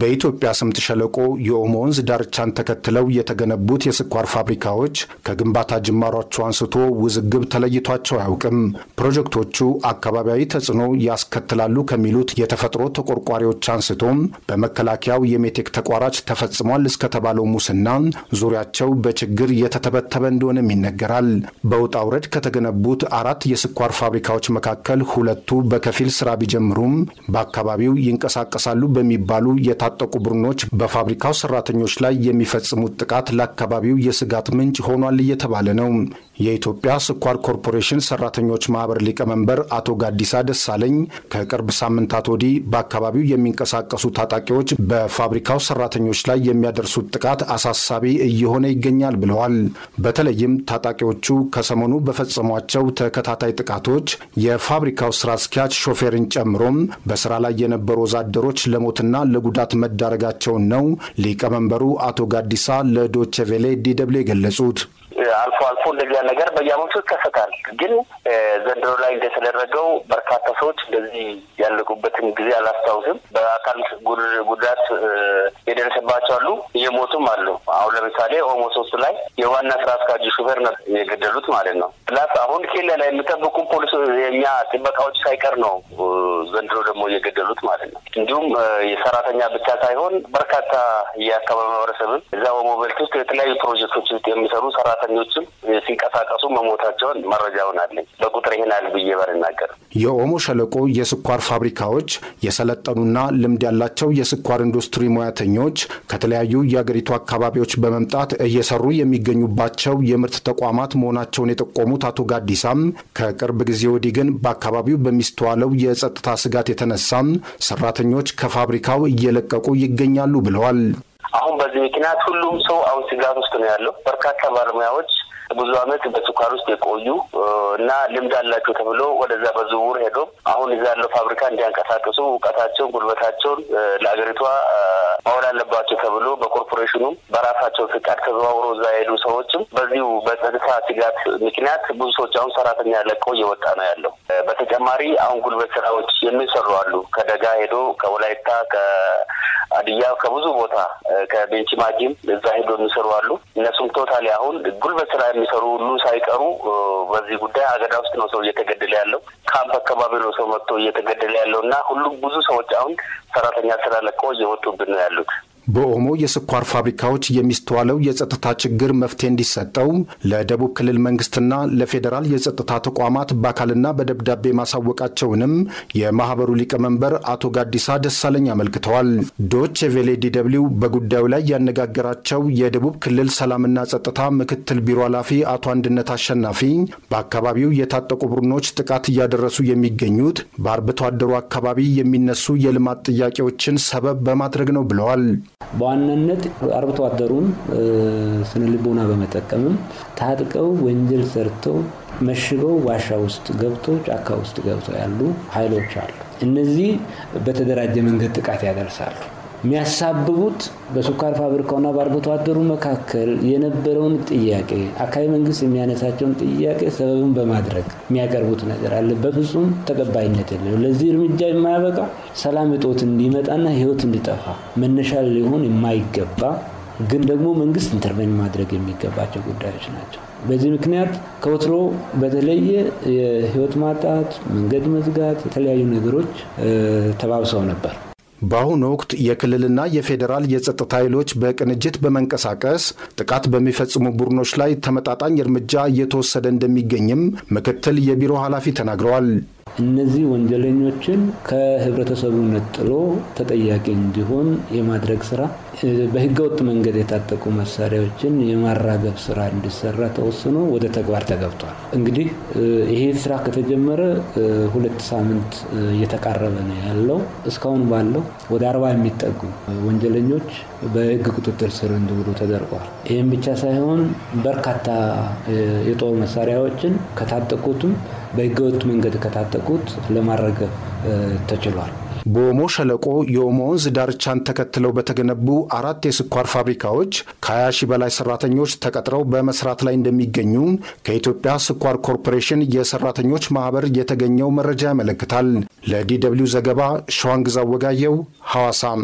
በኢትዮጵያ ስምጥ ሸለቆ የኦሞ ወንዝ ዳርቻን ተከትለው የተገነቡት የስኳር ፋብሪካዎች ከግንባታ ጅማሯቸው አንስቶ ውዝግብ ተለይቷቸው አያውቅም። ፕሮጀክቶቹ አካባቢያዊ ተጽዕኖ ያስከትላሉ ከሚሉት የተፈጥሮ ተቆርቋሪዎች አንስቶም በመከላከያው የሜቴክ ተቋራጭ ተፈጽሟል እስከተባለው ሙስና ዙሪያቸው በችግር የተተበተበ እንደሆነም ይነገራል። በውጣ ውረድ ከተገነቡት አራት የስኳር ፋብሪካዎች መካከል ሁለቱ በከፊል ስራ ቢጀምሩም በአካባቢው ይንቀሳቀሳሉ በሚባሉ የታጠቁ ቡድኖች በፋብሪካው ሰራተኞች ላይ የሚፈጽሙት ጥቃት ለአካባቢው የስጋት ምንጭ ሆኗል እየተባለ ነው። የኢትዮጵያ ስኳር ኮርፖሬሽን ሰራተኞች ማህበር ሊቀመንበር አቶ ጋዲሳ ደሳለኝ ከቅርብ ሳምንታት ወዲህ በአካባቢው የሚንቀሳቀሱ ታጣቂዎች በፋብሪካው ሰራተኞች ላይ የሚያደርሱት ጥቃት አሳሳቢ እየሆነ ይገኛል ብለዋል። በተለይም ታጣቂዎቹ ከሰሞኑ በፈጸሟቸው ተከታታይ ጥቃቶች የፋብሪካው ስራ አስኪያጅ ሾፌርን ጨምሮም በስራ ላይ የነበሩ ወዛደሮች ለሞትና ለጉዳት ለጥቃት መዳረጋቸውን ነው ሊቀመንበሩ አቶ ጋዲሳ ለዶቼ ቬሌ ዲደብልዩ የገለጹት። አልፎ አልፎ እንደዚያ ነገር በየዓመቱ ይከሰታል። ግን ዘንድሮ ላይ እንደተደረገው በርካታ ሰዎች እንደዚህ ያለቁበትን ጊዜ አላስታውስም። በአካል ጉዳት የደረሰባቸው አሉ፣ እየሞቱም አሉ። አሁን ለምሳሌ ኦሞ ሶስት ላይ የዋና ስራ አስኪያጁ ሹፌር ነው የገደሉት ማለት ነው። ፕላስ አሁን ኬላ ላይ የሚጠብቁ ፖሊስ እኛ ጥበቃዎች ሳይቀር ነው ዘንድሮ ደግሞ እየገደሉት ማለት ነው። እንዲሁም የሰራተኛ ብቻ ሳይሆን በርካታ የአካባቢ ማህበረሰብም እዛ በሞበልት ውስጥ የተለያዩ ፕሮጀክቶች ውስጥ የሚሰሩ ሰራተኞችም ሲንቀሳቀሱ መሞታቸውን መረጃውን አለኝ። በቁጥር ይህን ያህል ብዬ ባልናገርም የኦሞ ሸለቆ የስኳር ፋብሪካዎች የሰለጠኑና ልምድ ያላቸው የስኳር ኢንዱስትሪ ሙያተኞች ከተለያዩ የአገሪቱ አካባቢዎች በመምጣት እየሰሩ የሚገኙባቸው የምርት ተቋማት መሆናቸውን የጠቆሙት አቶ ጋዲሳም ከቅርብ ጊዜ ወዲህ ግን በአካባቢው በሚስተዋለው የጸጥታ ስጋት የተነሳ ሰራተኞች ከፋብሪካው እየለቀቁ ይገኛሉ ብለዋል። አሁን በዚህ ምክንያት ሁሉም ሰው አሁን ስጋት ውስጥ ነው ያለው። በርካታ ባለሙያዎች ብዙ አመት በስኳር ውስጥ የቆዩ እና ልምድ አላቸው ተብሎ ወደዛ በዝውውር ሄዶ አሁን እዛ ያለው ፋብሪካ እንዲያንቀሳቅሱ እውቀታቸውን፣ ጉልበታቸውን ለአገሪቷ ማወል አለባቸው ተብሎ በኮ ኮርፖሬሽኑም በራሳቸው ፍቃድ ተዘዋውሮ እዛ የሄዱ ሰዎችም በዚሁ በጸጥታ ስጋት ምክንያት ብዙ ሰዎች አሁን ሰራተኛ ለቀው እየወጣ ነው ያለው። በተጨማሪ አሁን ጉልበት ስራዎች የሚሰሩ አሉ። ከደጋ ሄዶ ከወላይታ ከአድያ ከብዙ ቦታ ከቤንች ማጂም እዛ ሄዶ የሚሰሩ አሉ። እነሱም ቶታሊ አሁን ጉልበት ስራ የሚሰሩ ሁሉ ሳይቀሩ በዚህ ጉዳይ አገዳ ውስጥ ነው ሰው እየተገደለ ያለው። ካምፕ አካባቢ ነው ሰው መጥቶ እየተገደለ ያለው እና ሁሉም ብዙ ሰዎች አሁን ሰራተኛ ስራ ለቀው እየወጡብን ነው ያሉት። በኦሞ የስኳር ፋብሪካዎች የሚስተዋለው የጸጥታ ችግር መፍትሄ እንዲሰጠው ለደቡብ ክልል መንግስትና ለፌዴራል የጸጥታ ተቋማት በአካልና በደብዳቤ ማሳወቃቸውንም የማህበሩ ሊቀመንበር አቶ ጋዲሳ ደሳለኝ አመልክተዋል። ዶች ቬሌ ዲደብሊው በጉዳዩ ላይ ያነጋገራቸው የደቡብ ክልል ሰላምና ጸጥታ ምክትል ቢሮ ኃላፊ አቶ አንድነት አሸናፊ በአካባቢው የታጠቁ ቡድኖች ጥቃት እያደረሱ የሚገኙት በአርብቶ አደሩ አካባቢ የሚነሱ የልማት ጥያቄዎችን ሰበብ በማድረግ ነው ብለዋል። በዋናነት አርብቶ አደሩን ስነ ልቦና በመጠቀምም ታጥቀው ወንጀል ሰርተው መሽገው ዋሻ ውስጥ ገብቶ ጫካ ውስጥ ገብቶ ያሉ ኃይሎች አሉ። እነዚህ በተደራጀ መንገድ ጥቃት ያደርሳሉ። የሚያሳብቡት በሱካር ፋብሪካውና በአርብቶ አደሩ መካከል የነበረውን ጥያቄ አካባቢ መንግስት የሚያነሳቸውን ጥያቄ ሰበብን በማድረግ የሚያቀርቡት ነገር አለ። በፍጹም ተቀባይነት የለው። ለዚህ እርምጃ የማያበቃ ሰላም እጦት እንዲመጣና ህይወት እንዲጠፋ መነሻ ሊሆን የማይገባ ግን ደግሞ መንግስት ኢንተርቬን ማድረግ የሚገባቸው ጉዳዮች ናቸው። በዚህ ምክንያት ከወትሮ በተለየ የህይወት ማጣት፣ መንገድ መዝጋት፣ የተለያዩ ነገሮች ተባብሰው ነበር። በአሁኑ ወቅት የክልልና የፌዴራል የጸጥታ ኃይሎች በቅንጅት በመንቀሳቀስ ጥቃት በሚፈጽሙ ቡድኖች ላይ ተመጣጣኝ እርምጃ እየተወሰደ እንደሚገኝም ምክትል የቢሮ ኃላፊ ተናግረዋል። እነዚህ ወንጀለኞችን ከህብረተሰቡ ነጥሎ ተጠያቂ እንዲሆን የማድረግ ስራ፣ በህገወጥ መንገድ የታጠቁ መሳሪያዎችን የማራገብ ስራ እንዲሰራ ተወስኖ ወደ ተግባር ተገብቷል። እንግዲህ ይሄ ስራ ከተጀመረ ሁለት ሳምንት እየተቃረበ ነው ያለው። እስካሁን ባለው ወደ አርባ የሚጠጉ ወንጀለኞች በህግ ቁጥጥር ስር እንዲውሉ ተደርጓል። ይህም ብቻ ሳይሆን በርካታ የጦር መሳሪያዎችን ከታጠቁትም በህገወጥ መንገድ ከታጠቁት ለማረገብ ተችሏል። በኦሞ ሸለቆ የኦሞ ወንዝ ዳርቻን ተከትለው በተገነቡ አራት የስኳር ፋብሪካዎች ከ20 ሺህ በላይ ሰራተኞች ተቀጥረው በመስራት ላይ እንደሚገኙ ከኢትዮጵያ ስኳር ኮርፖሬሽን የሰራተኞች ማህበር የተገኘው መረጃ ያመለክታል። ለዲ ደብልዩ ዘገባ ሸዋንግዛ ወጋየው ሐዋሳም